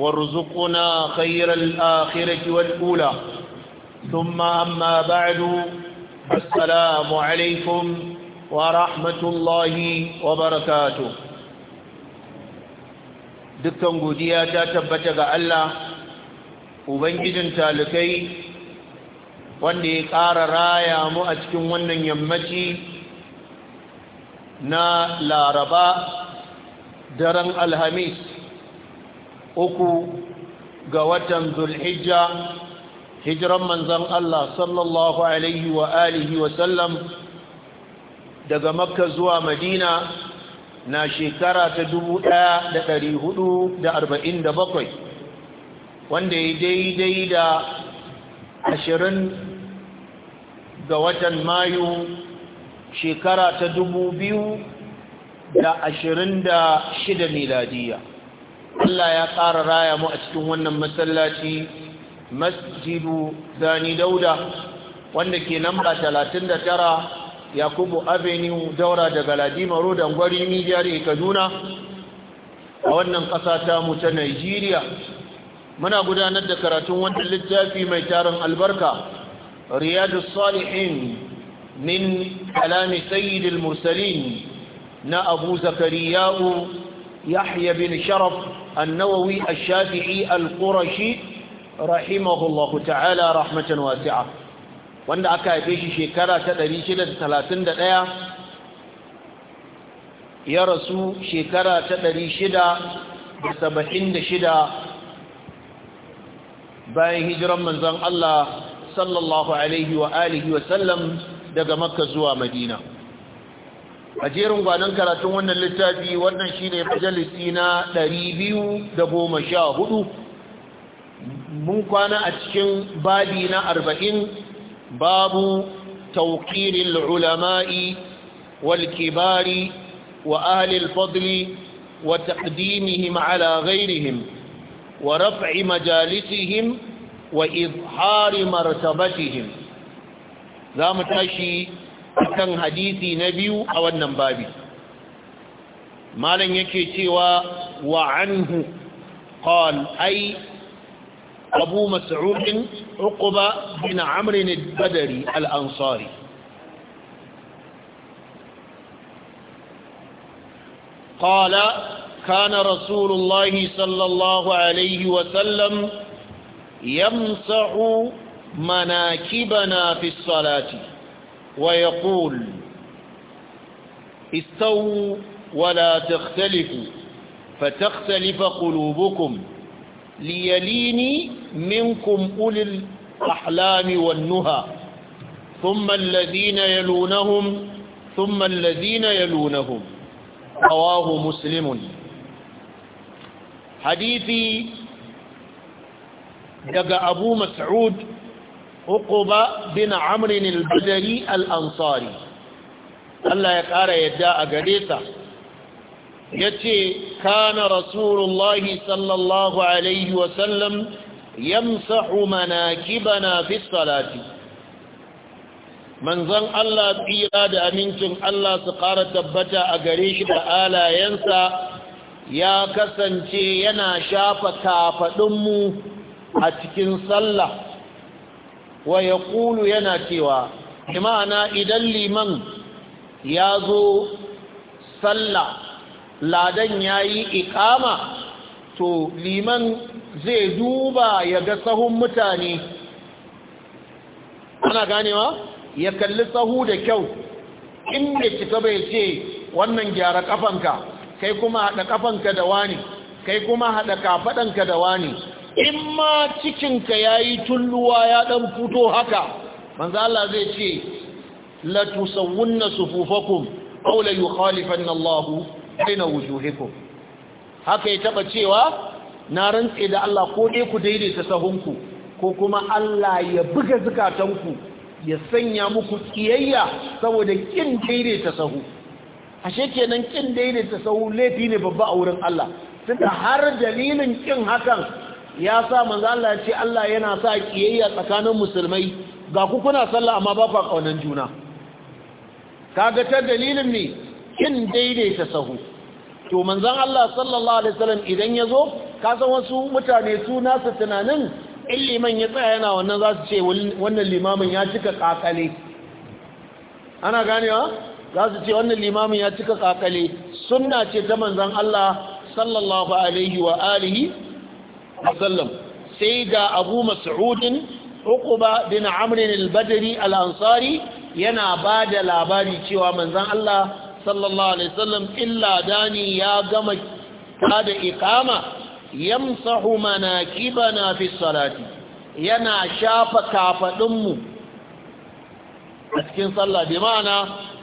وارزقنا خير الآخرة والأولى ثم أما بعد السلام عليكم ورحمة الله وبركاته dukkan godiya ta tabbata ga Allah ubangijin talikai wanda ya ƙara raya mu a cikin wannan yammaci na laraba daren alhamis uku ga watan zulhijja hijiran manzan Allah sallallahu alaihi wa alihi daga makka zuwa madina na shekara ta da bakwai, wanda ya daidai da ashirin ga watan mayu shekara ta da shida miladiya Allah ya ƙara raya mu a cikin wannan masallaci masjidu zani dauda wanda ke namba 39 yakubu avenue daura daga ladima road angwari mijiyar kaduna a wannan ƙasa ta mu ta nigeria muna gudanar da karatun wannan littafi mai tarin albarka riyadu salihin min kalami sayyidil mursalin na abu zakariya'u يحيى بن شرف النووي الشافعي القرشي رحمه الله تعالى رحمة واسعة wanda aka haife shi shekara ta 631 ya rasu shekara ta 676 bayan hijiran manzon Allah sallallahu alaihi wa alihi wa sallam daga makka zuwa madina a jerin gwanon karatun wannan littafi wannan shi ne majalisi na hudu. mun kwana a cikin babi na arba'in babu taukirin ulama'i wal kibari wa ahalil fadli wa Takdimihim ala ghairihim wa raf'i majalisihim wa izhari martabatihim za mu tashi Akan hadisi na biyu a wannan babi malam yake cewa wa anhu qal ai abu mas'ud uqba bin amr al-badri al-ansari قال كان رسول الله صلى الله عليه وسلم يمسح مناكبنا في الصلاه ويقول استووا ولا تختلفوا فتختلف قلوبكم ليليني منكم أولي الأحلام والنهى ثم الذين يلونهم ثم الذين يلونهم رواه مسلم حديثي دقى أبو مسعود Hukuba bin amr al-badri al-ansari Allah ya ƙara yadda a gare sa yace kana rasulullah sallallahu alaihi wa sallam yamsahu manakibana fi salati manzon Allah tsira da amincin Allah su ƙara tabbata a gare shi da alayensa ya kasance yana shafa kafaɗinmu a cikin sallah wa ya ƙulu yana cewa imana idan liman ya zo sallah ladan ya yi ikama to liman zai duba ya ga sahun mutane ana ganewa ya kalli sahu da kyau inda cika bai ce wannan gyara kafanka kai kuma haɗa kafanka da wani kai kuma haɗa kafaɗanka da wani in ma cikinka ya yi tulluwa ya ɗan fito haka manzo Allah zai ce la tusawwunna sufufakum aw la yukhalifanna Allah aina wujuhikum haka ya taɓa cewa na rantse da Allah ko dai ku daidaita sahunku ko kuma Allah ya buga zukatanku ya sanya muku kiyayya saboda ƙin daidaita sahu ashe kenan ƙin daidaita sahu laifi ne babba a wurin Allah tunda har dalilin ƙin hakan ya sa manzo Allah ce Allah yana sa kiyayya tsakanin musulmai ga ku kuna sallah amma ba ku kaunan juna kaga ta dalilin ne kin daidaita sahu to manzon Allah sallallahu alaihi wasallam idan yazo ka san wasu mutane su nasu tunanin illiman ya tsaya yana wannan za su ce wannan limamin ya cika kakale ana ganewa za su ce wannan limamin ya cika kakale sunna ce ta manzon Allah sallallahu alaihi wa alihi wasallam sai ga abu mas'udin uquba bin amr al-badri al-ansari yana ba da labari cewa manzon Allah sallallahu alaihi wasallam illa dani ya gama kada iqama yamsahu manakibana fi salati yana shafa kafadunmu a cikin sallah bi ma'ana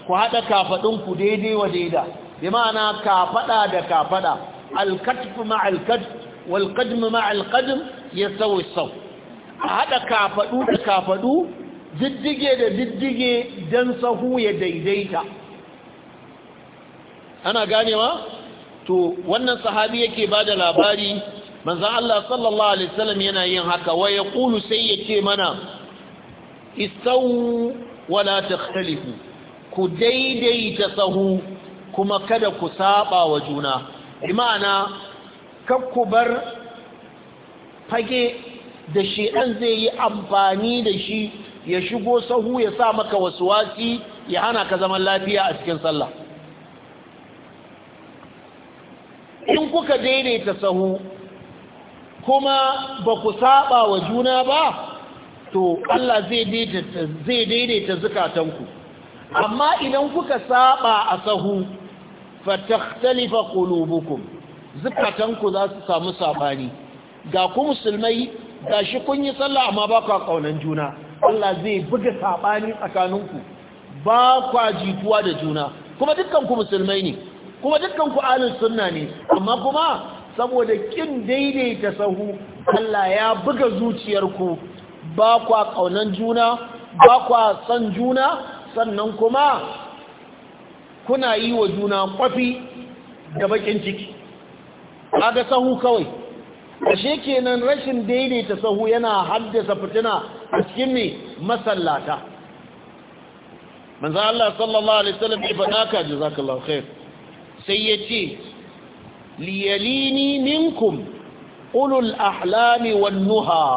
ku hada kafadunku ku daidai wa daida bi ma'ana kafada da kafada al ma al-katf والقدم مع القدم يسوي الصف هذا كافدو كافدو diddige da diddige don sahu ya daidaita ana ganewa to wannan sahabi yake ba da labari manzan Allah sallallahu Alaihi wasallam yana yin haka wa ya kulu sai ya mana isau wala takhtalifu ku daidaita sahu kuma kada ku saba wa juna imana kakku bar fage da shi an zai yi amfani da shi ya shigo sahu ya sa maka wasu wasi ya hana ka zaman lafiya a cikin sallah in kuka daidaita sahu kuma ba ku saba wa juna ba to Allah zai daidaita zukatanku amma idan kuka saba a sahu fa takhtalifa qulubukum zukatanku za su samu sabani ga ku musulmai ga shi kun yi sallah amma ba kwa ƙaunan juna Allah zai buga sabani tsakaninku ba kwa jituwa da juna kuma dukkan musulmai ne kuma dukkan alin sunna ne amma kuma saboda kin daidaita sahu Allah ya buga zuciyarku ba kwa ƙaunan juna ba kwa san juna sannan kuma kuna yi wa juna kwafi da bakin ciki kaga sahu kawai ashe kenan rashin daidaita sahu yana haddasa fitina a cikin ne masallata manzo Allah sallallahu alaihi wasallam ya faɗa ka jazakallahu khair sai yace liyalini ninkum, ulul ahlami wannuha.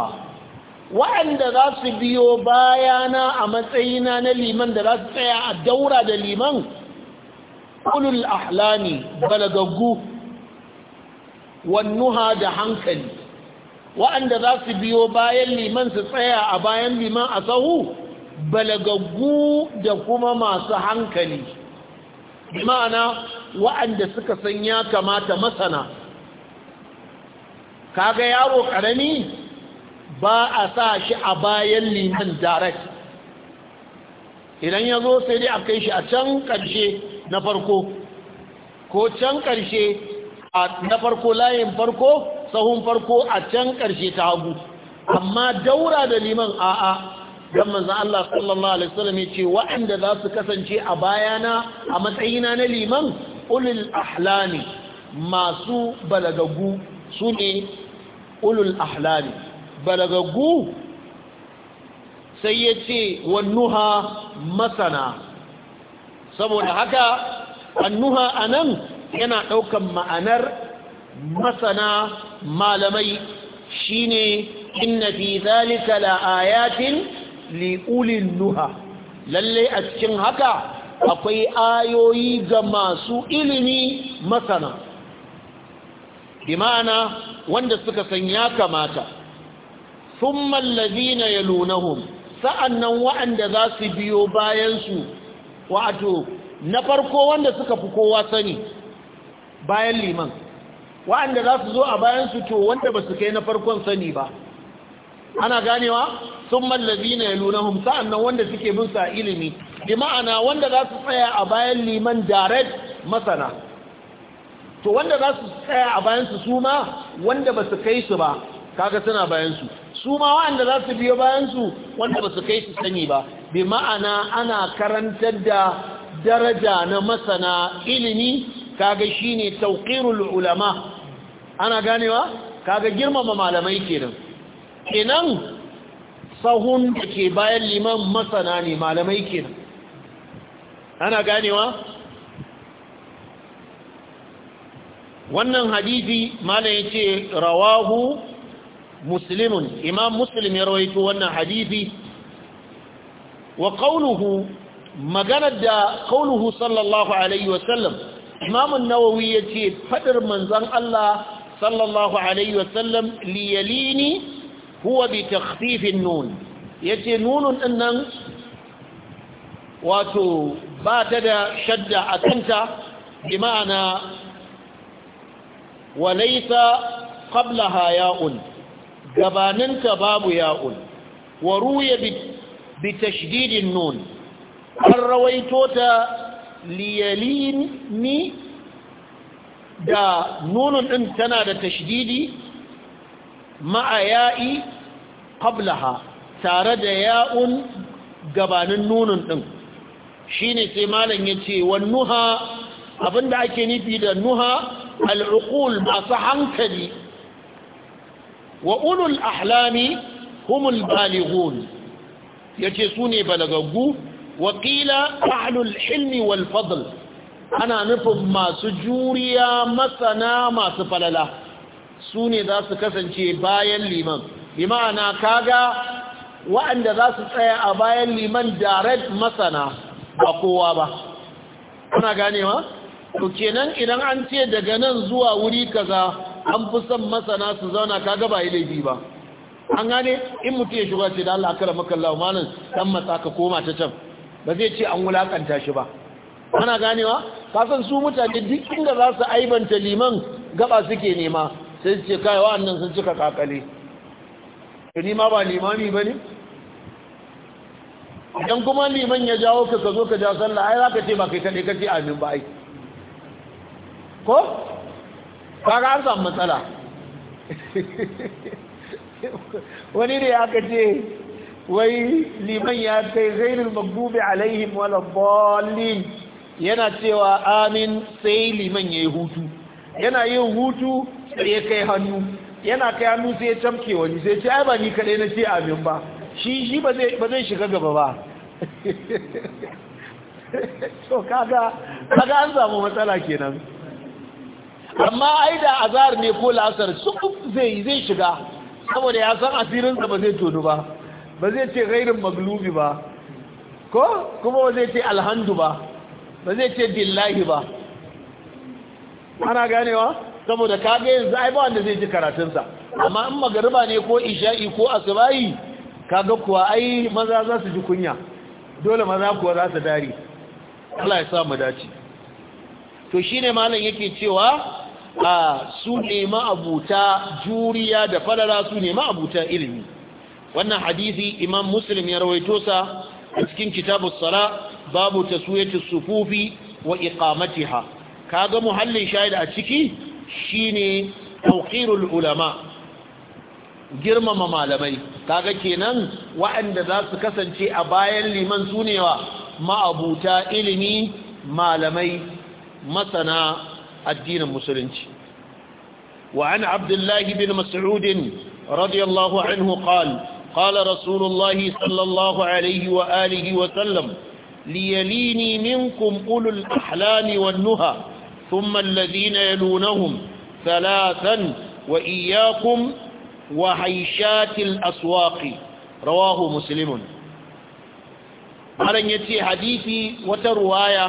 Waɗanda wa'anda za su biyo bayana a matsayina na liman da za su tsaya a daura da liman ulul ahlami balagaggu wannuha da hankali wa'anda za su biyo bayan liman su tsaya a bayan liman a sahu balagaggu da kuma masu hankali ma'ana wa'anda suka san ya kamata masana kaga yaro karami ba a sa shi a bayan liman direct idan ya zo sai dai a kai shi a can ƙarshe na farko ko can ƙarshe na farko layin farko sahun farko a can ƙarshe ta hagu amma daura da liman a'a don manzan Allah sallallahu Alaihi wasallam ya ce waɗanda za su kasance a bayana a matsayina na liman ulul ahlani masu balagagu su ne ulul ahlani balagagu sai ya ce wannuha masana saboda haka annuha a nan yana ɗaukan ma'anar masana malamai shine inna fi zalika la'ayatin ayatin li Lallai nuha lalle a cikin haka akwai ayoyi ga masu ilimi masana Imana wanda suka san ya kamata na ya yalunahum sa'annan wa'anda za su biyo bayansu, wato na farko wanda suka fi kowa sani bayan liman wa'anda za su zo a bayan su to wanda ba su kai na farkon sani ba ana ganewa sun mallabi na sa'an nan wanda suke bin sa ilimi bi ma'ana wanda za su tsaya a bayan liman direct masana to wanda za su tsaya a bayan su su ma wanda ba su kai su ba kaga suna bayan su su ma wa'anda za su biyo bayan su wanda ba su kai su sani ba bi ma'ana ana karantar da daraja na masana ilimi kaga shine tawqirul ulama ana ganewa kaga girmama malamai kenan kenan sahun da ke bayan liman masana ne malamai kenan ana ganewa wannan hadisi malam yace rawahu muslimun imam muslim ya rawaito wannan hadisi wa qawluhu maganar da qawluhu sallallahu alaihi wasallam imamun nawawi ya ce faɗar manzan Allah sallallahu Alaihi wasallam liyalini huwa bi takhfifin nun ya ce nunun ɗinnan wato ba ta da shadda a kanta bi ma'ana walaisa qablaha ya'un gabaninta babu ya'un wa ruya bi tashdidin nun an rawaito ta ni da nunun ɗin tana da tashdidi ma'a ya'i qablaha tare da ya'un gabanin nunun ɗin shine sai malam yace wan nuha abinda ake nufi da nuha al'uqul masu hankali wa ulul ahlami humul balighun yace sune balagaggu Wakila ahlul ilmi wal fadl ana nufin masu juriya masana masu falala su ne za su kasance bayan liman bi kaga waɗanda za su tsaya a bayan liman direct masana ba kowa ba kuna ganewa to kenan idan an ce daga nan zuwa wuri kaza an fi son masana su zauna kaga ba laifi ba an gane in mutum ya shiga ce da Allah akara makallawa malam don matsa ka koma ta can ba zai ce an wulakanta shi ba ana ganewa kasan su mutane duk inda za su aibanta liman gaba suke nema sai su ce kai wa'annan sun cika kakale ni ma ba limani ba ne idan kuma liman ya jawo ka ka zo ka ja sallah ai za ka ce ba kai kaɗai ka ce amin ba ai ko kaga an samu matsala wani ne ka ce wai liman ya kai zainul magbubi alaihim waladdallin yana cewa amin sai liman yayi hutu yana yin hutu sai ya kai hannu yana kai hannu sai ya tamke wani sai ce ai ba ni kadai na ce amin ba shi shi ba zai shiga gaba ba so kaga kaga an samu matsala kenan amma ai da azar ne ko la'asar su zai zai shiga saboda ya san asirin sa ba zai tono ba ba zai ce gairin maglubi ba ko kuma ba zai ce alhandu ba ba zai ce dillahi ba ana ganewa saboda kaga yanzu ai ba wanda zai ji karatunsa amma in magariba ne ko isha'i ko asubahi kaga kuwa ai maza za su ji kunya dole maza kuwa za su dari Allah ya sa mu dace to shine malam yake cewa a su ne abuta juriya da falala su ne abuta ilimi wannan hadisi imam muslim ya rawaito sa a cikin kitabun sala babu taswiyatu sufufi wa iqamatiha kaga muhallin shahid a ciki shine tawqirul ulama girmama malamai kaga kenan waɗanda za su kasance a bayan liman sunewa ma'abuta ilimi malamai masana addinin musulunci wa an abdullahi bin mas'udin radiyallahu anhu qala قال رسول الله صلى الله عليه وآله وسلم ليليني منكم أولو الأحلام والنهى ثم الذين يلونهم ثلاثا وإياكم وحيشات الأسواق رواه مسلم malam ya ce hadisi wata ruwaya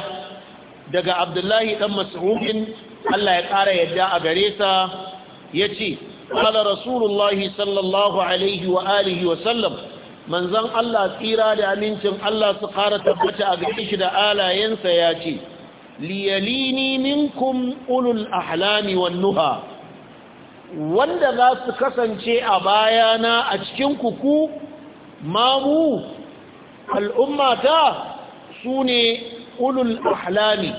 daga abdullahi dan mas'udin Allah ya ƙara yadda a gare sa ya ce قال رسول الله صلى الله عليه وآله وسلم من زن الله تيرا لأمنتم الله سقارة بتا أبحش لآلا ينسى ياتي ليليني منكم أولو الأحلام والنهى wanda za su kasance a bayana a cikin kuku mamu al'ummata su ne ulul ahlami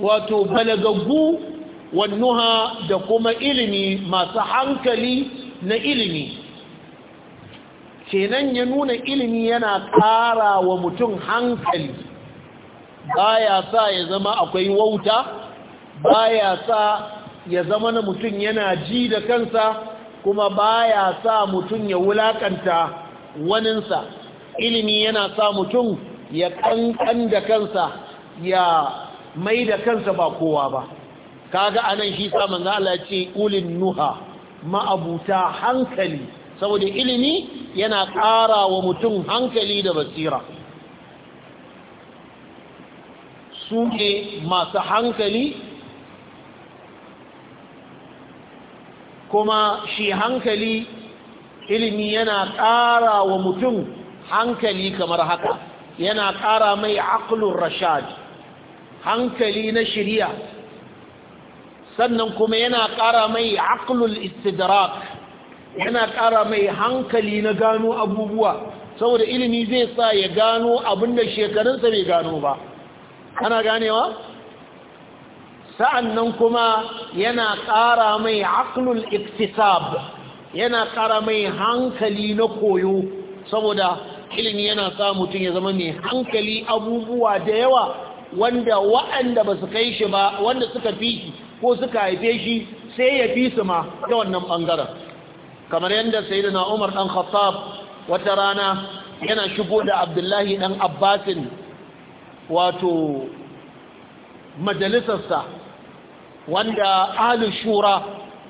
wato balagaggu wannuha da kuma ilimi masu hankali na ilimi kenan ya nuna ilimi yana ƙara wa mutum hankali baya sa ya zama akwai wauta baya sa ya zama na mutum yana ji da kansa kuma baya sa mutum ya wulakanta waninsa ilimi yana sa mutum ya kankan da kansa ya mai da kansa ba kowa ba kaga anan shi sa manzo Allah ya ce ulin nuha ma'abuta hankali saboda ilimi yana ƙara wa mutum hankali da basira su ne masu hankali kuma shi hankali ilimi yana ƙara wa mutum hankali kamar haka yana ƙara mai aklun rashad hankali na shirya sannan kuma yana ƙara mai aqlul istidrak yana ƙara mai hankali na gano abubuwa saboda ilimi zai sa ya gano abinda shekarunsa bai gano ba ana ganewa sa'annan kuma yana ƙara mai aqlul iktisab yana ƙara mai hankali na koyo saboda ilimi yana sa mutum ya zama mai hankali abubuwa da yawa wanda wa'anda ba su kai shi ba wanda suka fi ko suka haife shi sai ya fi su ma ta wannan ɓangaren kamar yadda sai na umar ɗan khattab wata rana yana shigo da abdullahi ɗan abbasin wato majalisarsa wanda ahalin shura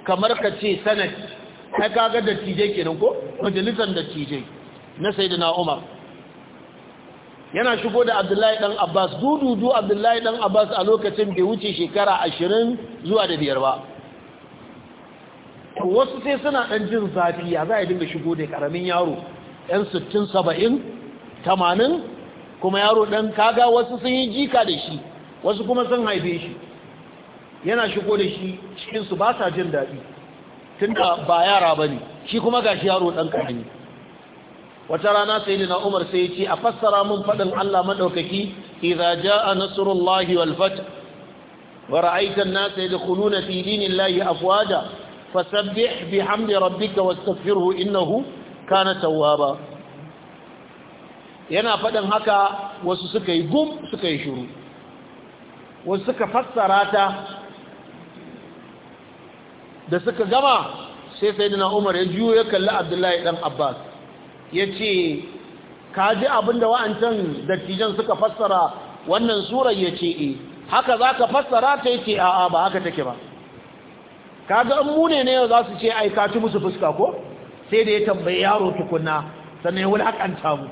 kamar ka ce sanad ta kaga da tijai kenan ko majalisar da tijai na sai na umar yana shigo da abdullahi dan abbas dududu abdullahi dan abbas a lokacin bai wuce shekara ashirin zuwa da biyar ba wasu sai suna ɗan jin zafi ya za a dinga shigo da ƙaramin yaro ɗan sittin saba'in tamanin kuma yaro ɗan kaga wasu sun yi jika da shi wasu kuma sun haife shi yana shigo da shi cikinsu ba sa jin daɗi tun da ba yara ba ne shi kuma ga shi yaro ɗan ƙarami wata rana sayyidina Umar sai ya ce a fassara mun faɗin Allah maɗaukaki idza jaa nasrullahi wal fath wa ra'aita an-nasa yadkhuluna fi dinillahi afwaja fasabbih bihamdi rabbika wastaghfirhu innahu kana tawwaba yana fadin haka wasu suka yi gum suka yi shiru wasu suka fassara ta da suka gama sai sayyidina Umar ya juyo ya kalli Abdullahi dan Abbas ya ce ka ji abin da wa'ancan dattijan suka fassara wannan surar ya ce e haka za ka fassara ta yake a'a ba haka take ba ka ga an mune ne yau za su ce aika ci musu fuska ko sai da ya tambayi yaro tukuna sannan ya wulakanta mu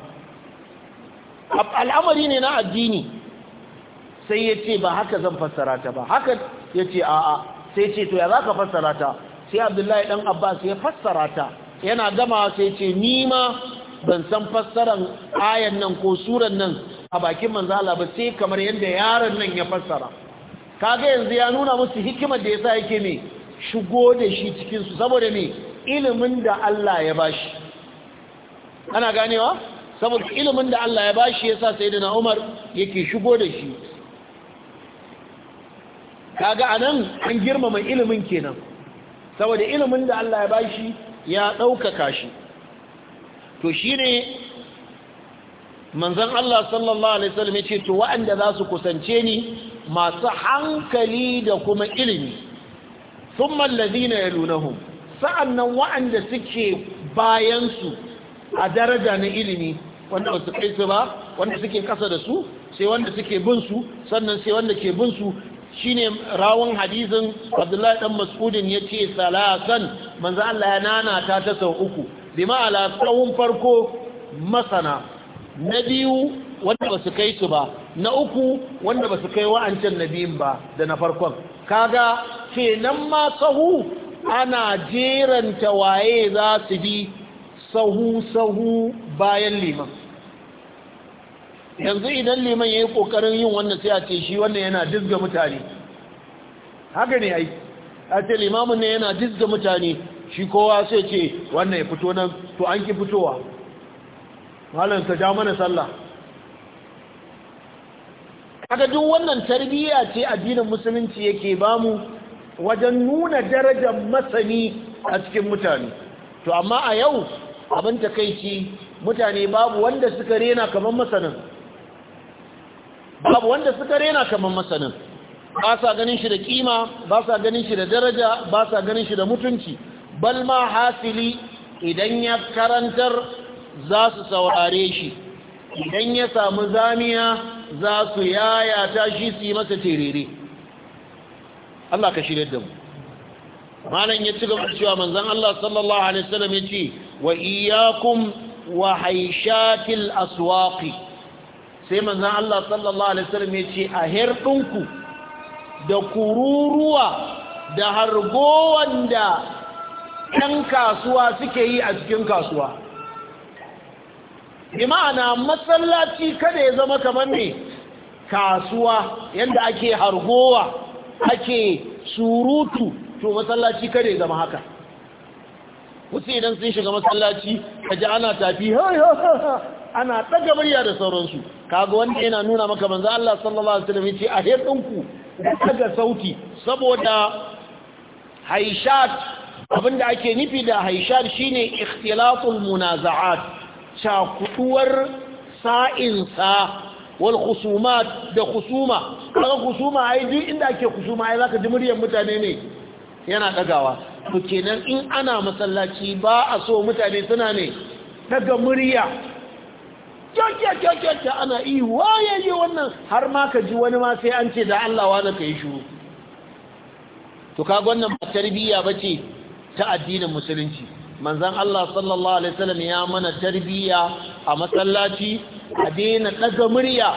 al'amari ne na addini sai ya ce ba haka zan fassara ta ba haka ya ce a'a sai ce to ya za ka fassara ta sai abdullahi dan abbas ya fassara ta yana gama sai ce ni ma ban san fassaran ayan nan ko suran nan a bakin manzo Allah ba sai kamar yadda yaron nan ya fassara kaga yanzu ya nuna musu hikimar da yasa yake ne shigo da shi cikin su saboda me ilimin da Allah ya bashi ana ganewa saboda ilimin da Allah ya bashi yasa sayyidina Umar yake shigo da shi kaga anan an girmama ilimin kenan saboda ilimin da Allah ya bashi ya ɗaukaka shi to shi ne manzan Allah sallallahu Alaihi wasallam ya ce to wa'anda za su kusance ni masu hankali da kuma ilimi sun mallazi na ya lunahun sa'annan wa'anda suke bayansu a daraja na ilimi wanda ba su kai su ba wanda suke kasa da su sai wanda suke bin su sannan sai wanda ke bin su shine rawan hadisin abdullahi dan mas'udin yace salasan manzo Allah ya nana ta ta sau uku bi ma'ala tsawon farko masana na biyu wanda ba kai su ba na uku wanda basu su kai wa'ancan na biyun ba da na farkon kaga kenan ma sahu ana jeranta waye za su bi sahu sahu bayan liman yanzu idan liman ya yi ƙoƙarin yin wannan sai a ce shi wannan yana dizga mutane haka ne ai a ce limamin ne yana dizga mutane shi kowa sai ce wannan ya fito nan to an ki fitowa malam ka ja mana sallah kaga duk wannan tarbiyya ce addinin musulunci yake bamu wajen nuna darajar masani a cikin mutane to amma a yau abin takaici mutane babu wanda suka rena kamar masanin babu wanda suka rena kamar masanin ba sa ganin shi da kima ba sa ganin shi da daraja ba sa ganin shi da mutunci bal ma hasili idan ya karantar za su saurare shi idan ya samu zamiya za su yayata shi su yi masa terere Allah ka shirya da mu malam ya ci gaba cewa manzon Allah sallallahu alaihi wasallam ya ce wa iyyakum wa haishatil aswaqi sai manzan Allah sallallahu alaihi wasallam ya ce a herdinku da kururuwa da hargowan da ɗan kasuwa suke yi a cikin kasuwa bi ma'ana masallaci kada ya zama kamar ne kasuwa yadda ake hargowa ake surutu to masallaci kada ya zama haka wasu idan sun shiga masallaci kaji ana tafi ha ha ha ana daga murya da sauransu kaga wanda yana nuna maka manzo Allah sallallahu alaihi wasallam yace a hirdinku daga sauti saboda haishat abinda ake nufi da haishat shine ikhtilatul munaza'at cakuduwar sa'insa wal khusumat da khusuma kaga khusuma ai duk inda ake khusuma ai zaka ji muryar mutane ne yana dagawa to kenan in ana masallaci ba a so mutane suna ne daga murya kyakkyakyakkya ana yi waye yi wannan har ma ka ji wani ma sai an ce da Allah wa ka yi shuru to kaga wannan ba tarbiyya ba ce ta addinin musulunci manzon Allah sallallahu alaihi wasallam ya mana tarbiyya a masallaci a daina daga murya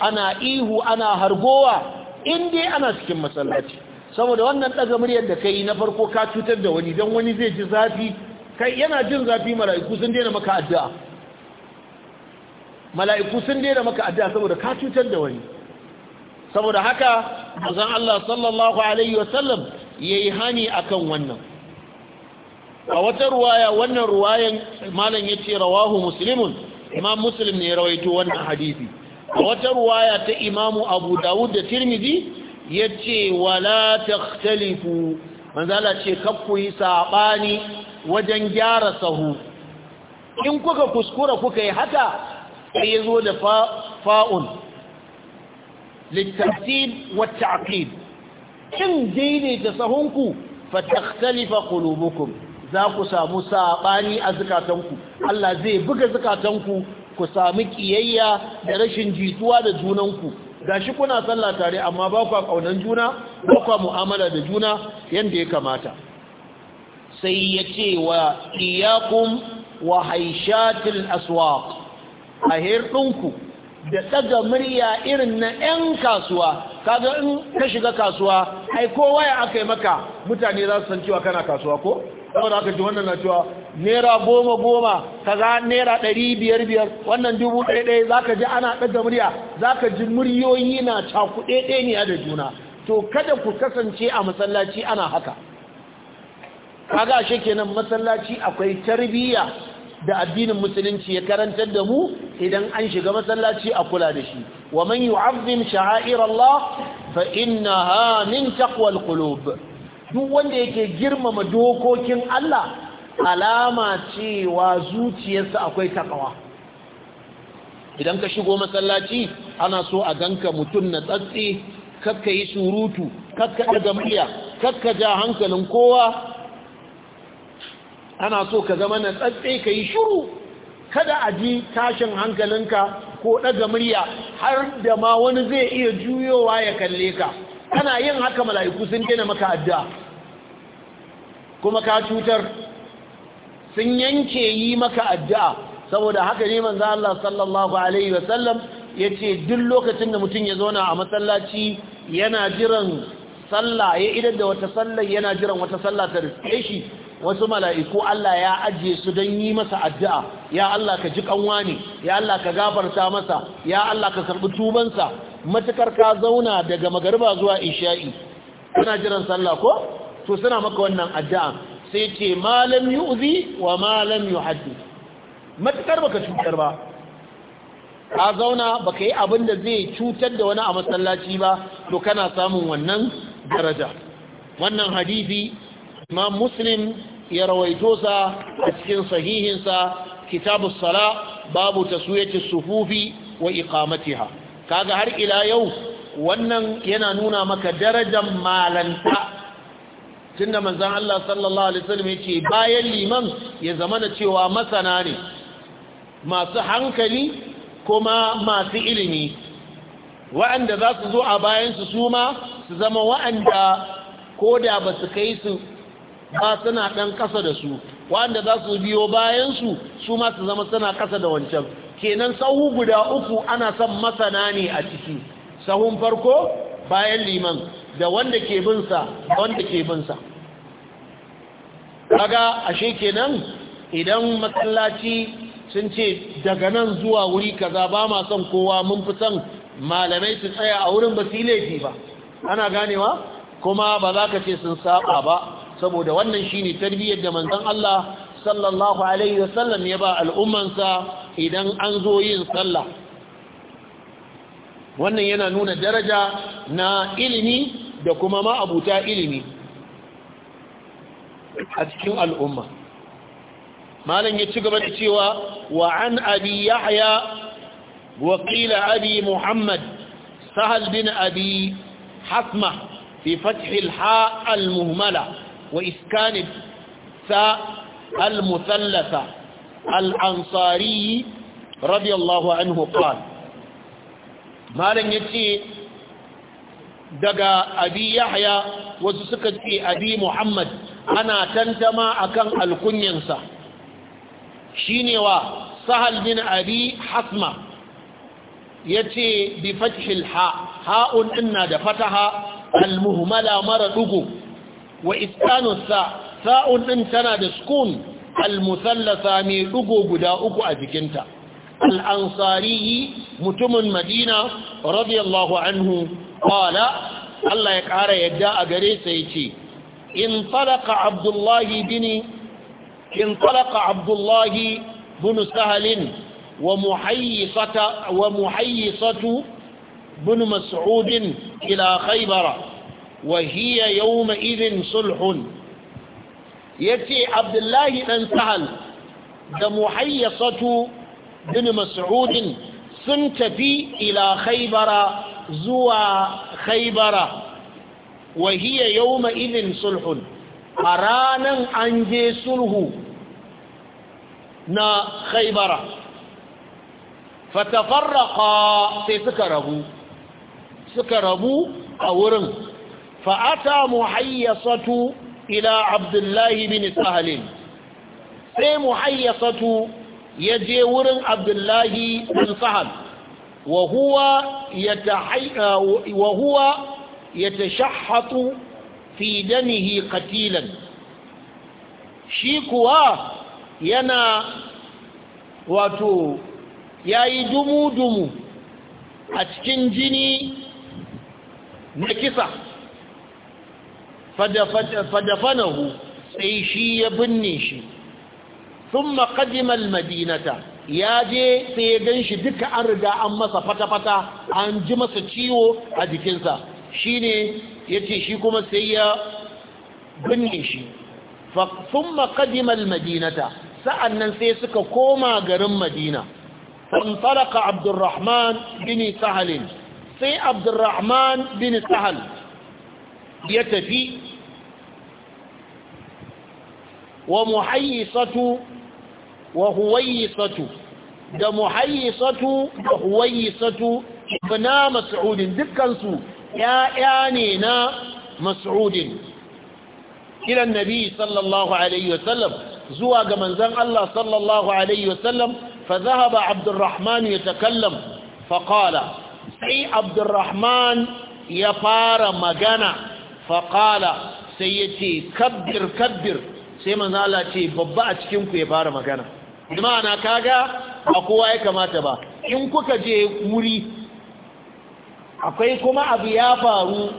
ana ihu ana hargowa in dai ana cikin masallaci saboda wannan daga muryar da kai na farko ka cutar da wani dan wani zai ji zafi kai yana jin zafi mala'iku sun daina maka addu'a mala'iku sun daina maka addu'a saboda ka cutar da wani saboda haka zan Allah sallallahu alaihi wasallam yi hani a kan wannan a wata ruwaya wannan ruwayan malam ce rawahu musulmin imam musulmin ne rawaito wannan hadithi. a wata ruwaya ta imamu abu dawud da tirmidhi yace wala ta talifu manzala ce kakku yi saɓani wajen gyara sahu in kuka kuskura kuka yi haka sai ya zo da fa'un littartib wa ta'qib in daidaita sahunku fa takhtalifa qulubukum za ku samu sabani a zukatanku Allah zai buga zukatanku ku sami kiyayya da rashin jituwa da junanku gashi kuna sallah tare amma ba ku kaunan juna ba ku mu'amala da juna yanda ya kamata sai ya ce wa iyakum wa haishatil aswaq a hirɗinku da ɗaga murya irin na 'yan kasuwa kaga in ka shiga kasuwa ai kowa ya aka yi maka mutane za su san cewa kana kasuwa ko? saboda aka ji wannan na cewa naira goma goma ka kaga naira ɗari biyar biyar wannan dubu ɗaya ɗaya za ka ji ana ɗaga murya za ka ji muryoyi na cakuɗe ɗaya ne da juna to kada ku kasance a masallaci ana haka kaga shi kenan masallaci akwai tarbiyya da addinin musulunci ya karantar da mu idan an shiga masallaci a kula da shi wa man yu'azzim sha'air Allah fa innaha min taqwal qulub duk wanda yake girmama dokokin Allah alama cewa zuciyarsa akwai takawa idan ka shigo masallaci ana so a ganka mutum na tsatsi kakka surutu kakka daga murya kakka ja hankalin kowa ana so ka zama na tsatse ka yi shuru kada a ji tashin hankalinka ko ɗaga murya har da ma wani zai iya juyowa ya kalle ka Ana yin haka mala'iku sun gina maka adda kuma ka cutar sun yanke yi maka addu'a saboda haka ne manzo Allah sallallahu alaihi wasallam yace duk lokacin da mutum ya zauna a masallaci yana jiran sallah ya idan da wata sallah yana jiran wata sallah ta riske shi wasu mala'iku Allah ya ajiye su don yi masa addu'a ya Allah ka ji ƙanwani. ne ya Allah ka gafarta masa ya Allah ka karɓi tubansa matukar ka zauna daga magariba zuwa isha'i suna jiran sallah ko to suna maka wannan addu'a sai ce malam Uzi wa malam haddi matukar baka cutar ba ka zauna baka yi abin da zai cutar da wani a masallaci ba to kana samun wannan daraja wannan hadisi imam muslim ya rawaito sa a cikin sahihinsa kitabu sala babu taswiyati sufufi wa iqamatiha kaga har ila yau wannan yana nuna maka darajar malanta tunda manzon Allah sallallahu alaihi wasallam yace bayan liman ya zamana cewa masana ne masu hankali kuma masu ilimi wa'anda za su zo a bayansu su ma su zama wa'anda ko da ba su kai su ba suna ɗan ƙasa da su wanda za su biyo bayansu su ma su zama suna ƙasa da wancan kenan sahu guda uku ana son masana ne a ciki sahun farko bayan liman da wanda ke binsa wanda ke binsa kaga ashe kenan idan masallaci sun ce daga nan zuwa wuri kaza ba ma son kowa mun fi son malamai su tsaya a wurin ba laifi ba ana ganewa kuma ba za ka ce sun saba ba saboda wannan shine tarbiyyar da manzon Allah sallallahu alaihi wasallam ya ba al'ummansa idan an zo yin sallah wannan yana nuna daraja na ilimi da kuma ma'abuta ilimi a cikin al'umma malam ya ci gaba da cewa wa an abi yahya wa qila abi muhammad sahal bin abi hasma fi fathil ha al muhmala wa iskani ta al-musallasa al-ansari radiyallahu anhu qal malan yace daga abi yahya wasu suka ce abi muhammad ana tantama akan alkunyansa shine wa sahal bin abi hasma yace bi fathil ha ha'un inna da fataha almuhmala mara dugu wa iskanun sa sa'un ɗin tana da skun al-musallasa mai ɗugo guda uku a jikinta al'ansariyi mutumin madina radiyallahu anhu ƙwala Allah ya ƙara yadda a gare sa ya ce in falaka abdullahi bini in falaka abdullahi bunu sahalin wa muhayyisatu bin mas'udin ila khaybara Wahiyya hiya yawma sulhun sulhun yace abdullahi ɗan sahal da muhayyasatu bin mas'udin sun tafi ila khaybara zuwa khaybara wahiyya hiya yawma sulhun a ranan an je sulhu na khaybara fatafarraka sai suka rabu suka rabu a wurin fa'ata muhayyasatu ila abdullahi bin sahalin sai muhayyasatu ya je wurin abdullahi bin sahal wa huwa ya tashahatu fi danihi katilan shi kuwa yana wato ya yi dumu-dumu a cikin jini na kisa fadafanahu sai shi ya binne shi sun maƙadimal madinata ya je sai ya gan duka an riga an masa fata-fata an ji masa ciwo a jikinsa shi ne ya ce shi kuma sai ya binne shi sun maƙadimal madinata sa'annan sai suka koma garin madina فانطلق عبد الرحمن بن سهل سي عبد الرحمن بن سهل يتفي wa muhayyisatu wa da muhayyisatu da na ibna mas'udin dukkansu ya'ya ne na mas'udin kiran nabi sallallahu alaihi wasallam zuwa ga manzon Allah sallallahu alaihi wasallam fa zahaba abdurrahman yatakallam fa qala sai abdurrahman ya fara magana fa sai ya yace kabbir kabbir sai manzo ce babba a cikinku ya fara magana ana kaga ba kowa ya kamata ba in kuka je wuri akwai kuma abu ya faru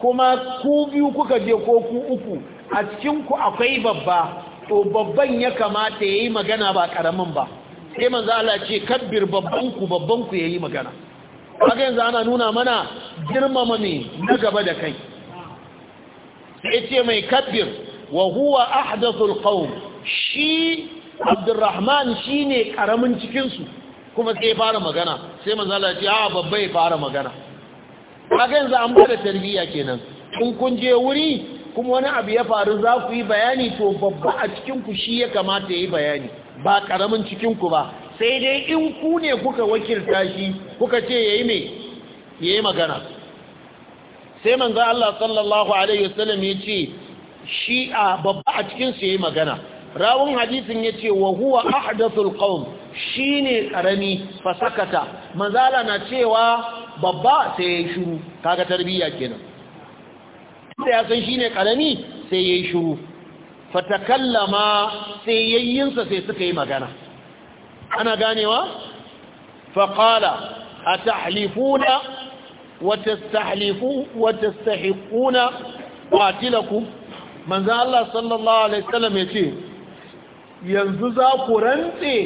kuma ku biyu kuka je ko ku uku a cikinku akwai babba to babban ya kamata yayi magana ba karamin ba sai manzo ce kabbir babban ku babban ku yayi magana kaga yanzu ana nuna mana girmama ne na gaba da kai sai ce mai kabbir wa huwa ahdathul qawm shi Abdurrahman shine karamin cikin su kuma sai fara magana sai manzo Allah ce a ah, babba ya fara magana kaga yanzu an bada tarbiyya kenan in kun je wuri kuma wani abu ya faru za ku yi bayani to babba a cikin ku shi ya kamata yi bayani ba karamin cikin ku ba sai dai in ku ne kuka wakilta shi kuka ce yayi me yayi magana sai manzo Allah sallallahu alaihi wasallam ya ce shi'a babba a cikinsu ya yayi magana rawun hadisin ce wa huwa ahdathul qawm shine karami fasakata manzala na cewa babba sai yi shiru kaga tarbiyya kenan sai ya san shine karami sai yi shiru fatakallama sai yayyinsa sai suka yi magana ana ganewa faqala atahlifuna وتستحلفون وتستحقون قاتلكم manzan Allah sallallahu alaihi wasallam ya ce yanzu za ku rantse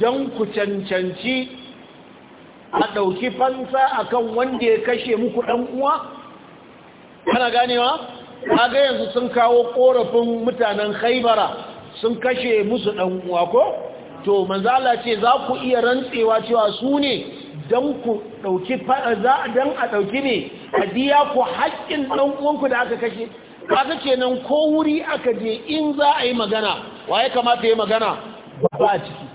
don ku cancanci a ɗauki fansa akan wanda ya kashe muku ɗan uwa kana ganewa kaga yanzu sun kawo ƙorafin mutanen haibara sun kashe musu ɗan uwa ko to manzala ce za ku iya rantsewa cewa su ne don ku ɗauki don a ɗauki ne a diya ku haƙƙin ɗan uwanku da aka kashe kaga kenan ko wuri aka je in za a yi magana wa ya kamata ya magana ba a ciki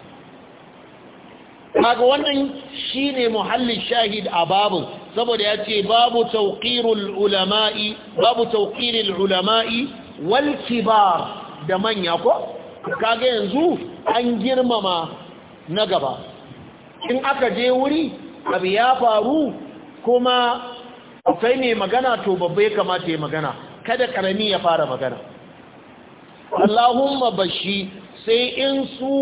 kaga wannan shine muhallin shahid a babu saboda ya ce babu tauqirul ulama'i babu tauqirul ulama'i wal kibar da manya ko kaga yanzu an girmama na gaba in aka je wuri abu ya faru kuma sai ne magana to babba ya kamata ya magana kada karami ya fara magana Allahumma bashi sai in su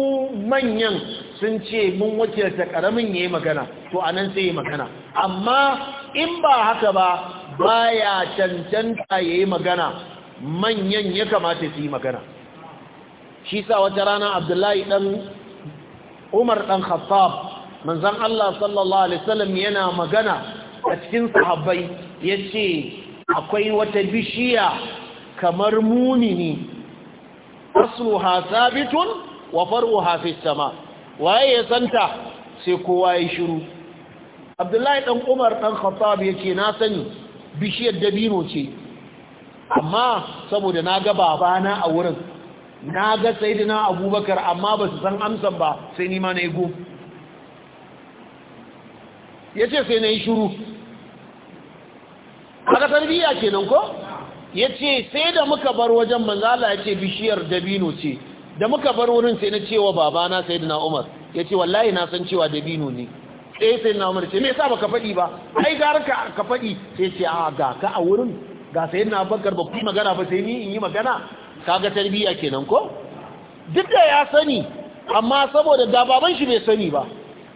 manyan sun ce mun wakilta karamin yayi magana to anan sai yayi magana amma in ba haka ba baya cancanta yayi magana manyan ya kamata su yi magana shi sa wata rana Abdullahi dan Umar dan Khattab manzon Allah sallallahu alaihi wasallam yana magana a cikin sahabbai yace akwai wata bishiya kamar munini asluha sabitun wa far'uha fi sama waye ya santa sai kowa ya shiru abdullahi dan umar dan khattab yake na sani bishiyar dabino ce amma saboda na ga babana a wurin na ga abubakar amma ba su san amsan ba sai ni ma na yi ya ce sai na yi shiru. aka tarbiyya kenan ko yace sai da muka bar wajen manzo Allah yace bishiyar dabino ce da muka bar wurin sai na cewa babana sayyidina Umar yace wallahi na san cewa dabino ne sai eh, sayyidina Umar ce me yasa baka fadi ba ai gara ka ka fadi sai ce a ga ka a wurin ga sayyidina Abubakar ba ku magana ba sai ni in yi magana kaga tarbiyya kenan ko duk da ya sani amma saboda da baban shi bai sani ba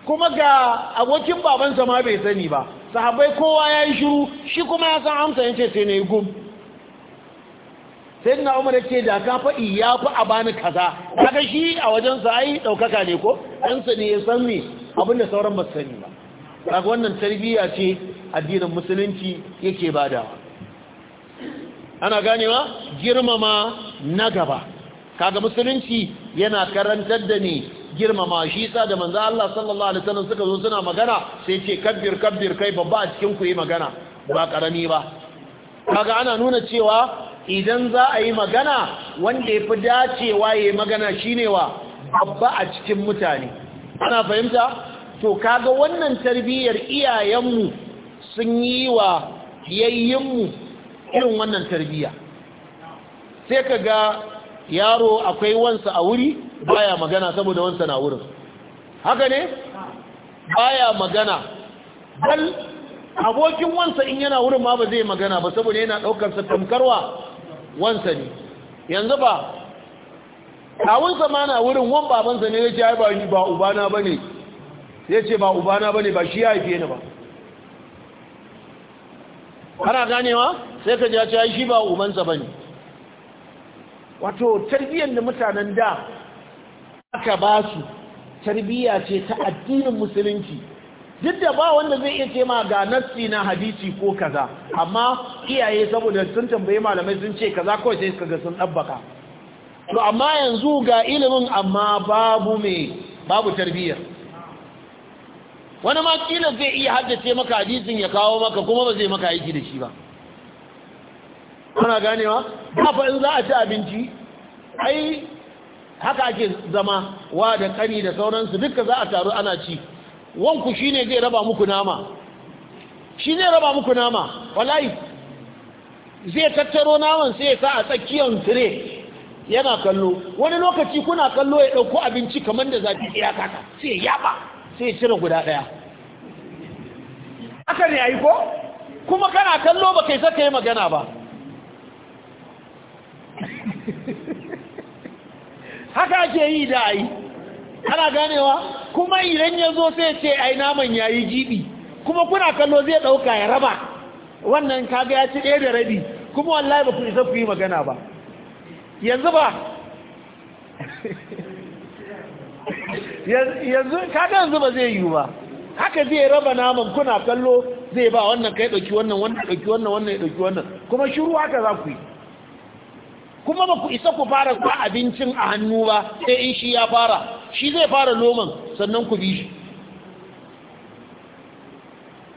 kuma ga abokin babansa ma bai sani ba sahabai kowa ya yi shiru shi kuma ya san amsa yance ce sai na yi gum sai na umar ce da ka faɗi ya fi a bani kaza kaga shi a wajensa ai ɗaukaka ne ko ɗansa ne ya san ne abinda sauran ba su sani ba kaga wannan tarbiyya ce addinin musulunci yake badawa ana ganewa girmama na gaba kaga musulunci yana karantar da ni. girmama shi sa da manzo Allah sallallahu alaihi wasallam suka zo suna magana sai ce kabbir kabbir kai babba a cikin ku yi magana ba karami ba kaga ana nuna cewa idan za a yi magana wanda ya fi dacewa ya yi magana shine wa babba a cikin mutane ana fahimta to kaga wannan tarbiyyar iyayenmu sun yi wa yayyinmu irin wannan tarbiyya sai ka ga yaro akwai wansa a wuri baya magana saboda wansa na wurin haka ne baya magana bal abokin wansa in yana wurin ma ba zai magana ba saboda yana daukar sa tamkarwa wansa ne yanzu ba kawunsa ma na wurin wan babansa ne ya ce ai ba ni ba ubana bane ya ce ba ubana bane ba shi ya haife ni ba kana ganewa sai ka ji ya ce ai shi ba ubansa bane wato tarbiyyar da mutanen da aka ba su tarbiyya ce ta addinin musulunci duk da ba wanda zai iya ce ma ga nassi na hadisi ko kaza amma iyaye saboda sun tambaye malamai sun ce kaza kawai sai suka ga sun dabbaka to amma yanzu ga ilimin amma babu me babu tarbiyya wani ma kila zai iya haddace maka hadisin ya kawo maka kuma ba zai maka aiki da shi ba Kuna ganewa kafa in za a ci abinci ai haka ake zama wa da kani da sauransu duka za a taru ana ci wanku shi ne zai raba muku nama shi zai raba muku nama zai tattaro naman sai ya sa a tsakiyar tire yana kallo wani lokaci kuna kallo ya ɗauko abinci kamar da za ya kaka sai yaba sai ya cire guda ɗaya haka ne a yi ko kuma kana kallo ba kai ka yi magana ba haka ake yi da ayi ana ganewa kuma idan ya zo sai ce ai naman yayi jibi kuma kuna kallo zai ɗauka ya raba wannan kaga ya ci ɗaya da rabi kuma wallahi ba ku isa ku yi magana ba yanzu ba yanzu kaga yanzu ba zai yi ba haka zai raba naman kuna kallo zai ba wannan kai dauki wannan wannan ɗauki wannan wannan dauki ɗauki wannan kuma shiru haka za ku yi kuma ba ku isa ku fara ba abincin a hannu ba sai in shi ya fara shi zai fara noman sannan ku bi shi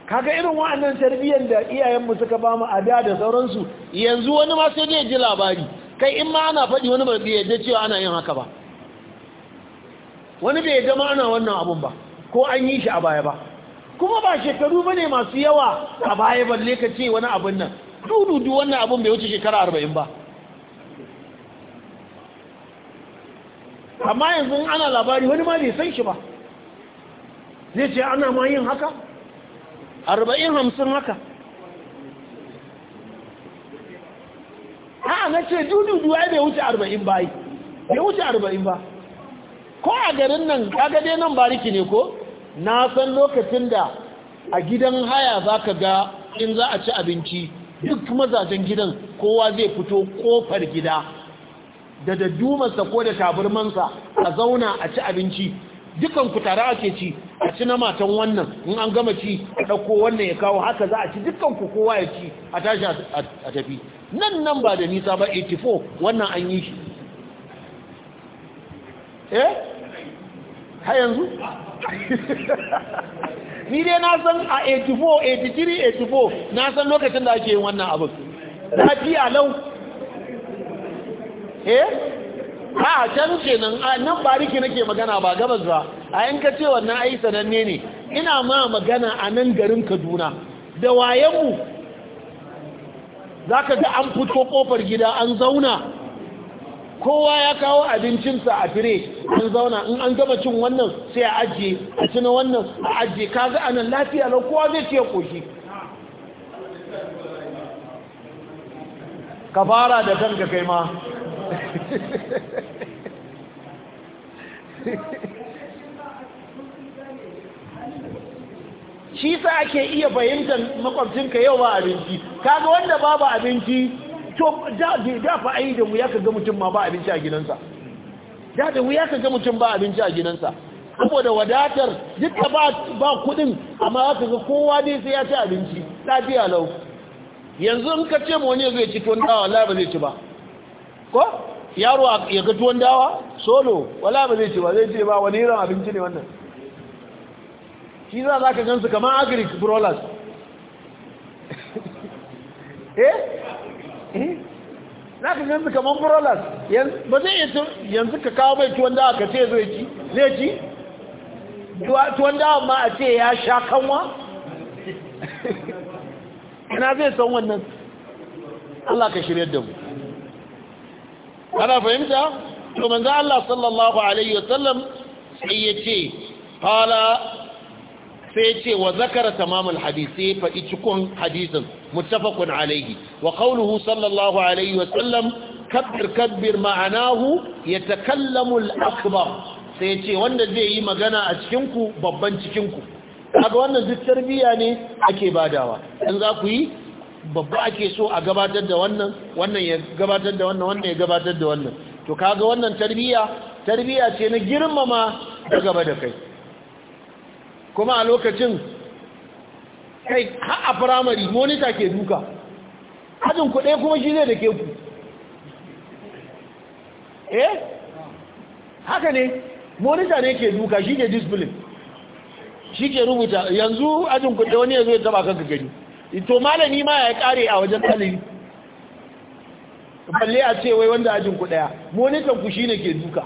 kaga irin wa'annan tarbiyyar da iyayenmu suka ba mu ada da sauransu yanzu wani ma sai dai ji labari kai in ma ana faɗi wani ba yadda cewa ana yin haka ba wani bai yadda ma ana wannan abun ba ko an yi shi a baya ba kuma ba shekaru ba ne masu yawa a baya balle ka ce wani abun nan dudu wannan abun bai wuce shekara arba'in ba amma yanzu ana labari wani ma bai san shi ba zai ce ana ma yin haka arba'in hamsin haka a'a na ce dududu ai bai wuce arba'in ba yi bai wuce arba'in ba ko a garin nan kagade nan bariki ne ko na san lokacin da a gidan haya za ka ga in za a ci abinci duk mazajen gidan kowa zai fito kofar gida da daddumarsa ko da taburmansa a zauna a ci abinci dukan ku tare ake ci a ci na matan wannan in an gama ci a ɗauko wannan ya kawo haka za a ci dukan ku kowa ya ci a tashi a tafi nan nan ba da nisa ba 84 wannan an yi shi eh har yanzu ni dai na san a 84 83 84 na san lokacin da ake yin wannan abin lafiya lau eh a can kenan a nan bariki nake magana ba gabas ba a yan ka ce wannan ai sananne ne ina ma magana a nan garin Kaduna da wayenmu zaka ga an fito kofar gida an zauna kowa ya kawo abincinsa a fire an zauna in an gama cin wannan sai a ajiye a cina wannan a ajiye Ka kaga anan lafiya lau kowa zai ce koshi ka fara da kanka kai ma shi sa ake iya fahimtar makwabcinka yau ba abinci kaga wanda babu abinci to da fa ai da wuya kaga mutum ma ba abinci a gidansa da da wuya kaga mutum ba abinci a gidansa saboda wadatar duk da ba kudin amma ga kowa dai sai ya ci abinci lafiya lau yanzu in ka ce mu wani zai ci tun dawa la ba zai ci ba ko yaro ya ga tuwon dawa solo wala ba zai ce ba zai ce ba wani irin abinci ne wannan shi za za ka gansu kamar agric brawlers eh eh za ka gansu kamar brawlers ba zai iya yanzu ka kawo mai tuwon dawa ka ce zai ci zai ci tuwon dawa ma a ce ya sha kanwa ina zai san wannan Allah ka shirya da mu ana fahimta to manzo Allah sallallahu alaihi wasallam sai ya ce qala sai ce wa zakara tamamul hadisi fa ikun hadisin muttafaqun alaihi wa qawluhu sallallahu alaihi wasallam kabbir kabbir ma'anahu yatakallamu al-akbar sai ce wanda zai yi magana a cikin ku babban cikin ku kaga wannan duk biya ne ake badawa in za ku yi babba ake so a gabatar da wannan wannan ya gabatar da wannan wannan ya gabatar da wannan to kaga wannan tarbiya tarbiya ce na girmama da gaba da kai kuma a lokacin kai har a firamare monita ke duka hajin ku ɗaya kuma shi ne da ke ku eh haka ne monita ne ke duka shi ke discipline shi ke rubuta yanzu ajin ku wani ya zo ya taba kanka gani ito eh, malami ma ya kare a wajen ɗalibi balle a ce wai wanda ajin ku ɗaya monitor ku shine ke duka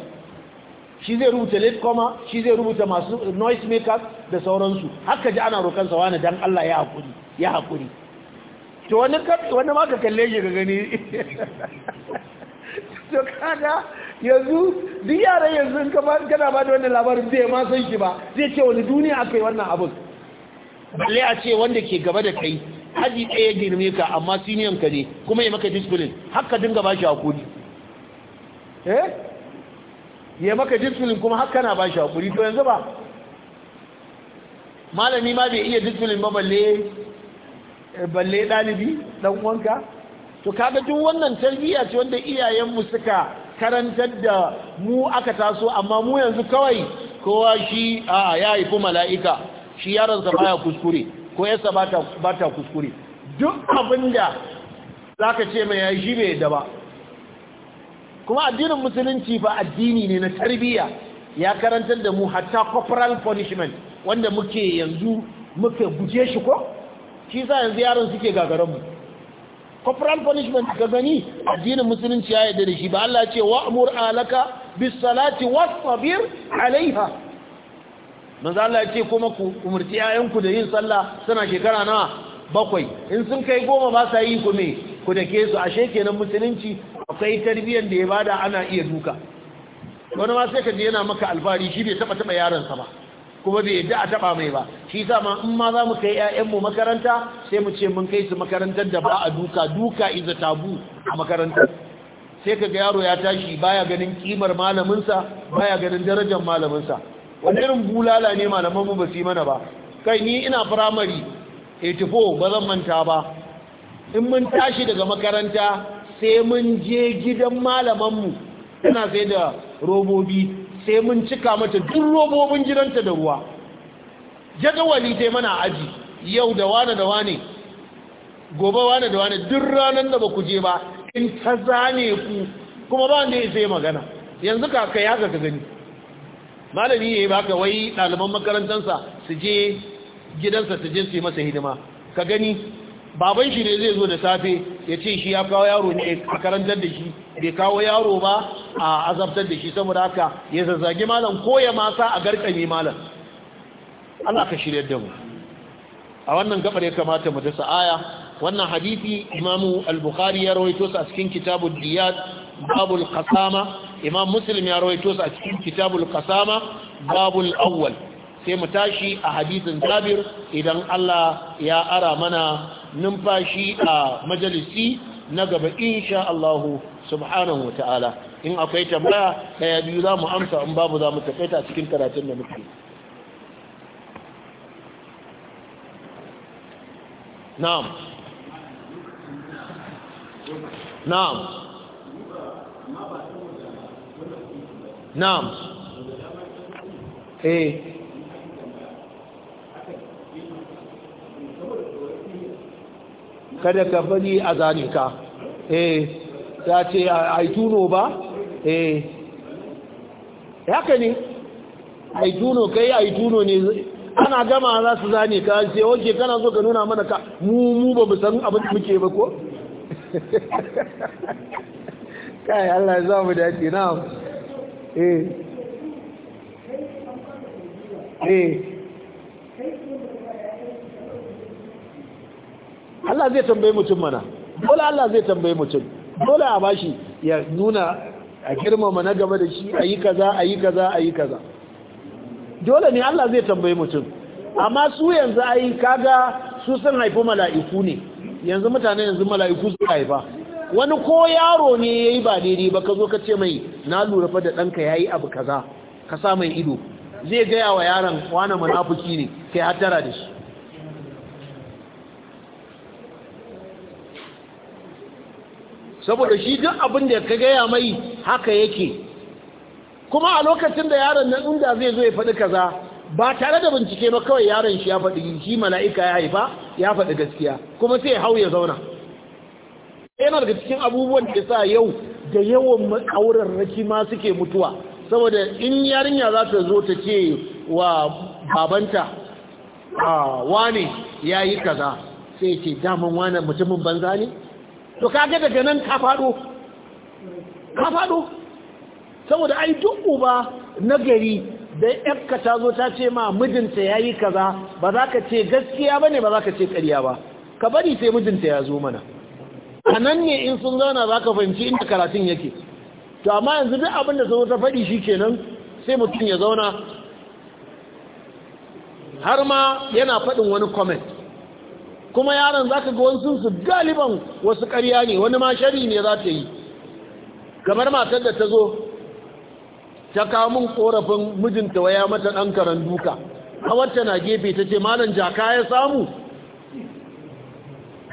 shi zai rubuta late comma shi zai rubuta masu noise makers da sauransu haka ji ana rokan sawa ne dan Allah ya hakuri ya hakuri to wani wani ma ka kalle shi ga gani to kada yanzu duk yaran yanzu kana ba da wannan labarin bai ma san shi ba zai ce wani duniya akai wannan abin balle a ce wanda ke gaba da kai aji ɗaya girme ka amma siniyan ka ne kuma ya maka discipline haka dinga ba shi hakuri eh ya maka discipline kuma haka na ba shi hakuri to yanzu ba malami ma bai iya discipline ba balle eh, balle ɗalibi ɗan wanka to kaga duk wannan tarbiyya ce wanda iyayenmu suka karantar da mu aka taso amma mu yanzu kawai kowa shi a ya haifi mala'ika shi yaron sa baya kuskure ko yasa ba ta kuskure duk abinda za ka ce mai yashi bai da ba kuma addinin musulunci ba addini ne na tarbiyya ya karantar da mu hatta corporal punishment wanda muke yanzu muke guje shi ko shi sa yanzu yaron suke gagaranmu corporal punishment ka gani addinin musulunci ya yi da shi ba Allah ce wa'mur alaka bis salati wasbir alaiha manzo Allah ya ce kuma ku umurci 'ya'yanku da yin sallah suna shekara nawa bakwai in sun kai goma ba sa yi ku me ku dake su ashe kenan musulunci akwai tarbiyyar da ya bada ana iya duka wani ma sai ka je yana maka alfari shi bai taba taba yaron sa ba kuma bai yadda a taba mai ba shi sa ma in ma za mu kai mu makaranta sai mu ce mun kai su makarantar da ba a duka duka iza tabu a makarantar sai ka ga yaro ya tashi baya ganin kimar malaminsa baya ganin darajar sa wani irin bulala ne malaman mu ba su yi mana ba kai ni ina firamari 84 ba zan manta ba in mun tashi daga makaranta sai mun je gidan malamanmu ina sai da robobi sai mun cika mata duk robobin gidanta da ruwa jadawali ta mana aji yau da wane da wane gobe wane da wane duk ranar da ba ku je ba in ta zane ku kuma ba wanda ya sai magana yanzu kaka ya ga ka gani malami ya yi baka wai ɗaliban makarantarsa su je gidansa su je su masa hidima ka gani baban shi ne zai zo da safe ya ce shi ya kawo yaro ne a karantar da shi bai kawo yaro ba a azabtar da shi saboda haka ya zazzage malam ko ya masa a garkame malam Allah ka shirya da mu a wannan gabar ya kamata mu dasa aya wannan hadisi imamu al-bukhari ya rawaito su a cikin kitabu diyat babul qasama imam muslim ya rawaito su a cikin kitabul kasama babul awwal sai mu tashi a hadisin jabir idan Allah ya ara mana numfashi a majalisi na gaba insha Allah subhanahu wa ta'ala in akwai tambaya daya biyu za mu amsa in babu za mu tafaita cikin karatun da muke na'am na'am na'am eh kada ka bari a zane ka eh ta ce a tuno ba eh ka ne a tuno kai a tuno ne ana gama za su zane ka ce, wanke kana so ka nuna mana ka mu mu ba san abin muke ba ko kai Allah za mu dace na Eh. Eh. Allah zai tambaye mutum mana dole Allah zai tambaye mutum dole a bashi ya nuna a girmama na gaba da shi a yi kaza yi kaza yi kaza dole ne Allah zai tambaye mutum amma su yanzu yi kaga su sun haifi mala'iku ne yanzu mutane yanzu mala'iku su haifa wani ko yaro ne ya yi ba daidai ba ka zo ka ce mai na lura fa da ɗanka ya yi abu kaza ka sa mai ido zai gaya wa yaron wane munafuki ne kai hatara da shi saboda shi duk abin da ka gaya mai haka yake kuma a lokacin da yaron nan inda zai zo ya faɗi kaza ba tare da bincike ba kawai yaron shi ya faɗi shi mala'ika ya haifa ya faɗi gaskiya kuma sai hau ya zauna yana daga cikin abubuwan da sa yau da yawan auren raki ma suke mutuwa saboda in yarinya za ta zo ta ce wa babanta ah, wane ya yi kaza sai ce daman wane mutumin banza ne to kaga daga nan ka faɗo ka faɗo saboda ai duk uba na gari da yakka ta zo ta ce ma mijinta ya yi kaza ba za ka ce gaskiya ba ne ba za ka ce ƙarya ba ka bari sai mijinta ya zo mana a nan ne in sun zauna za ka fahimci inda karatun yake to amma yanzu duk abin da sun ta faɗi shi kenan sai mutum ya zauna har ma yana faɗin wani comment kuma yaron za ka ga wasu su galiban wasu ƙarya ne wani ma shari ne za ta yi kamar matar da ta zo ta kamun korafin mijinta waya mata ɗan karan duka a wacce na gefe ta ce malam jaka ya samu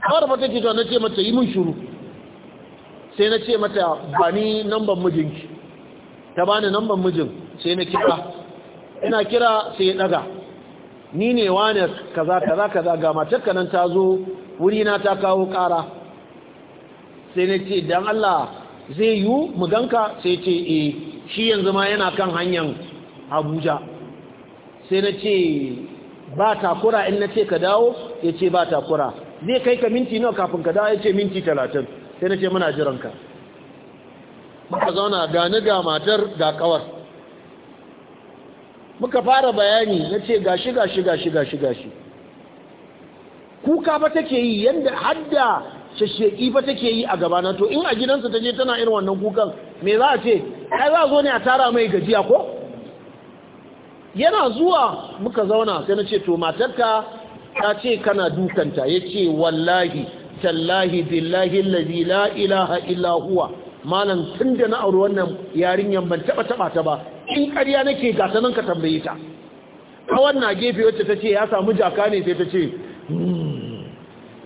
fara fata ke na ce mata yi mun shuru sai na ce mata ba ni namban mijinki ta ba ni namban mijin sai na kira ina kira sai ya daga ni ne wane kaza kaza kaza ga matarka nan ta zo wuri na ta kawo kara sai na ce dan Allah zai yi mu ganka sai ce eh shi yanzu ma yana kan hanyar Abuja sai na ce ba takura in na ce ka dawo ya ce ba takura zai kai ka minti nawa kafin ka dawo ya minti talatin sai na ce muna jiranka muka zauna ni ga matar ga kawar muka fara bayani na ce gashi gashi gashi gashi gashi kuka ba take yi yadda hadda shasheki ba take yi a gaba na to in a gidansa ta je tana irin wannan kukan me za a ce ai za a zo ne a tara mai gajiya ko yana zuwa muka zauna sai na ce to matarka ta ce kana dukanta ya ce wallahi tallahi billahi lalzi la ilaha illa malam tun da na auri wannan yarinyan ban taba taba ta ba in ƙarya nake gasa nan ka tambaye ta a wannan gefe wacce ta ce ya samu jaka ne sai ta ce hmm.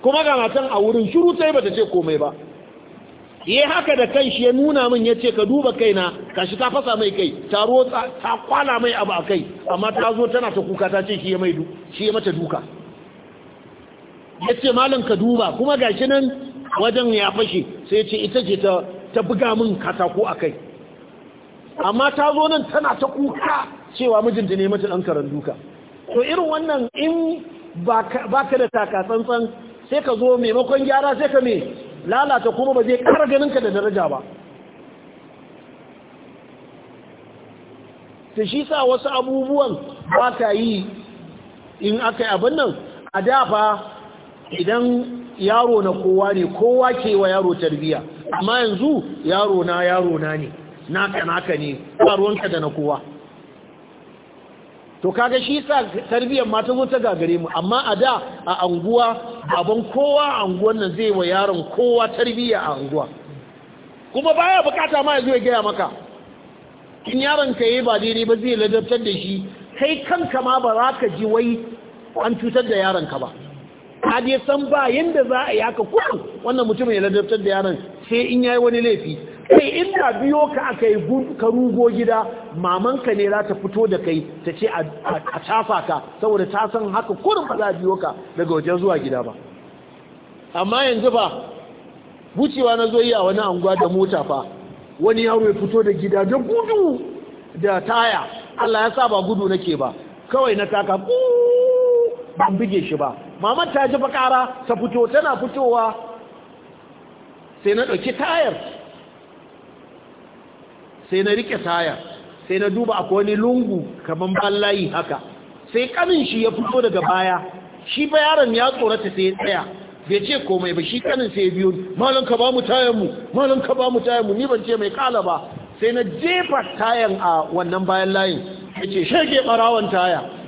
kuma ga matan a wurin shiru sai bata ce komai ba yi haka da kan shi ya nuna min ya ce ka duba kaina shi ta fasa mai kai ta rotsa ta kwana mai abu a kai amma ta zo tana ta kuka ta ce shi ya mata duka ya ce malam ka duba kuma gashi nan wajen ya fashe sai ce ita ce ta buga min katako a kai amma ta zo nan tana ta kuka cewa mijinta ne mata ɗan karen duka to irin wannan in ba ka da tsantsan sai ka zo maimakon gyara sai ka mai lalata kuma ba zai kara ganin ka da daraja ba ta shi sa wasu abubuwan ba ka yi in aka yi abin nan a dafa idan yaro na kowa ne kowa ke wa yaro tarbiya amma yanzu yaro na yaro na ne naka naka ne ruwanka da na kowa to kaga shi sa tarbiyyar mata ta zo ta gagare mu amma a da a anguwa baban kowa a anguwan nan zai wa yaron kowa tarbiyya a anguwa kuma baya bukata ma yanzu zo ya gaya maka in yaron ka yi ba daidai ba zai ladabtar da shi kai kanka ma ba za ka ji wai an cutar da yaron ka ba ka dai san ba yanda za a yaka kudu wannan mutumin ya ladabtar da yaron sai in yayi wani laifi kai inda biyo ka aka yi ka rugo gida mamanka ne za ta fito da kai ta ce a cafa ka saboda ta san haka kurin ba za a biyo ka daga wajen zuwa gida ba amma yanzu ba wucewa na zo yi a wani anguwa da mota fa wani yaro ya fito da gida da gudu da taya Allah ya sa ba gudu nake ba kawai na taka ban buge shi ba mama ta ji bakara ta fito tana fitowa sai na ɗauki tayar sai na rike tayar sai na duba akwai wani lungu kamar ballayi haka sai ƙanin shi ya fito daga baya shi ba yaron ya tsorata sai ya tsaya bai ce komai ba shi kanin sai biyu malam ka ba mu mu malam ka ba mu tayan mu ni ban ce mai ƙala ba sai na jefa tayan a wannan bayan layin yace shege barawon taya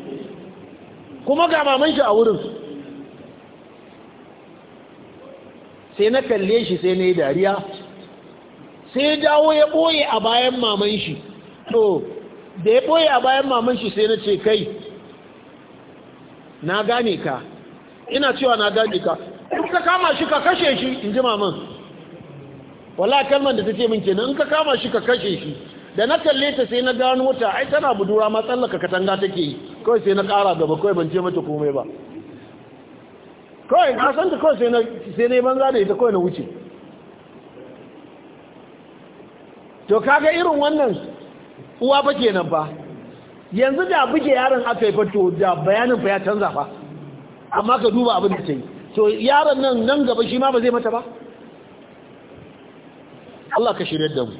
kuma ga maman shi a wurin sai na kalle shi sai na yi dariya sai ya dawo ya ɓoye a bayan maman shi to da ya ɓoye a bayan maman shi sai na ce kai na gane ka ina cewa na gane ka in ka kama shi ka kashe shi in ji maman wala kalman da ta ce min kenan in ka kama shi ka kashe shi da na kalle ta sai na gano wata ai tana budura ma katanga take yi kawai sai na ƙara gaba kawai ban ce mata komai ba kawai na san ta kawai sai na yi banza da ita kawai na wuce to kaga irin wannan uwa ba kenan ba yanzu da buge yaron aka yi fato da bayanin fa ya canza fa amma ka duba abin da ta yi to yaron nan nan gaba shi ma ba zai mata ba Allah ka shirya da mu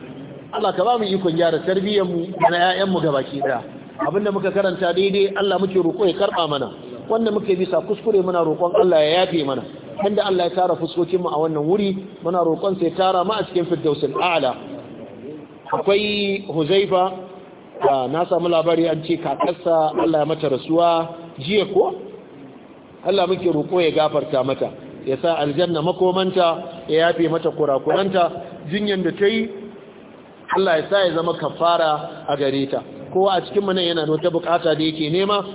Allah ka ba mu ikon gyara tarbiyyar mu da na 'ya'yan mu gabaki daya abinda muka karanta daidai Allah muke roƙo ya karɓa mana wanda muke bisa kuskure muna roƙon Allah ya yafe mana inda Allah ya tara fuskokinmu a wannan wuri muna roƙon sai tara mu a cikin firdausul a'la akwai huzaifa na samu labari an ce kakarsa Allah ya mata rasuwa jiya ko Allah muke roƙo ya gafarta mata ya sa aljanna makomanta ya yafe mata kurakuranta jinyan da ta yi Allah ya sa ya zama kafara a gare ta kowa a cikin mana yana da wata bukata da yake nema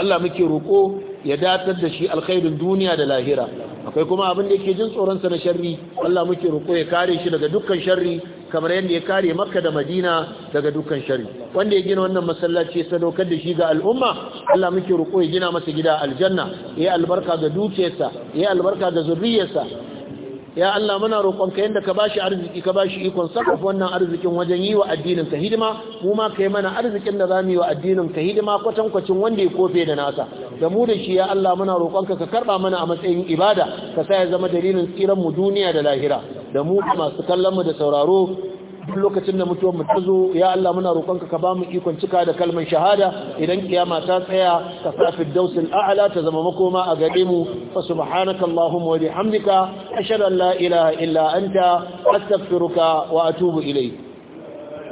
Allah muke roƙo ya datar da shi alkhairin duniya da lahira akwai kuma abin da yake jin tsoron sa na sharri Allah muke roƙo ya kare shi daga dukkan sharri kamar yadda ya kare makka da madina daga dukkan sharri wanda ya gina wannan masallaci ya sadaukar da shi ga al'umma Allah muke roƙo ya gina masa gida aljanna ya albarka ga dukiyarsa ya albarka ga zuriyarsa ya Allah muna roƙonka yanda ka bashi arziki ka bashi ikon sakafa wannan arzikin wajen yi wa addinin ka hidima mu ma kai mana arzikin da zamu yi wa addinin ka hidima kwatankwacin wanda ya kofe da nasa da mu da shi ya Allah muna roƙonka ka karba mana a matsayin ibada ka sa ya zama dalilin tsiran mu duniya da lahira da mu masu kallon mu da sauraro duk lokacin da mutuwar mu tazo ya Allah muna roƙonka ka bamu ikon cika da kalmar shahada idan kiyama ta tsaya ka sa firdausul a'la ta zama makoma a gare mu fa subhanaka allahumma wa bihamdika ashhadu an la ilaha illa anta astaghfiruka wa atubu ilayk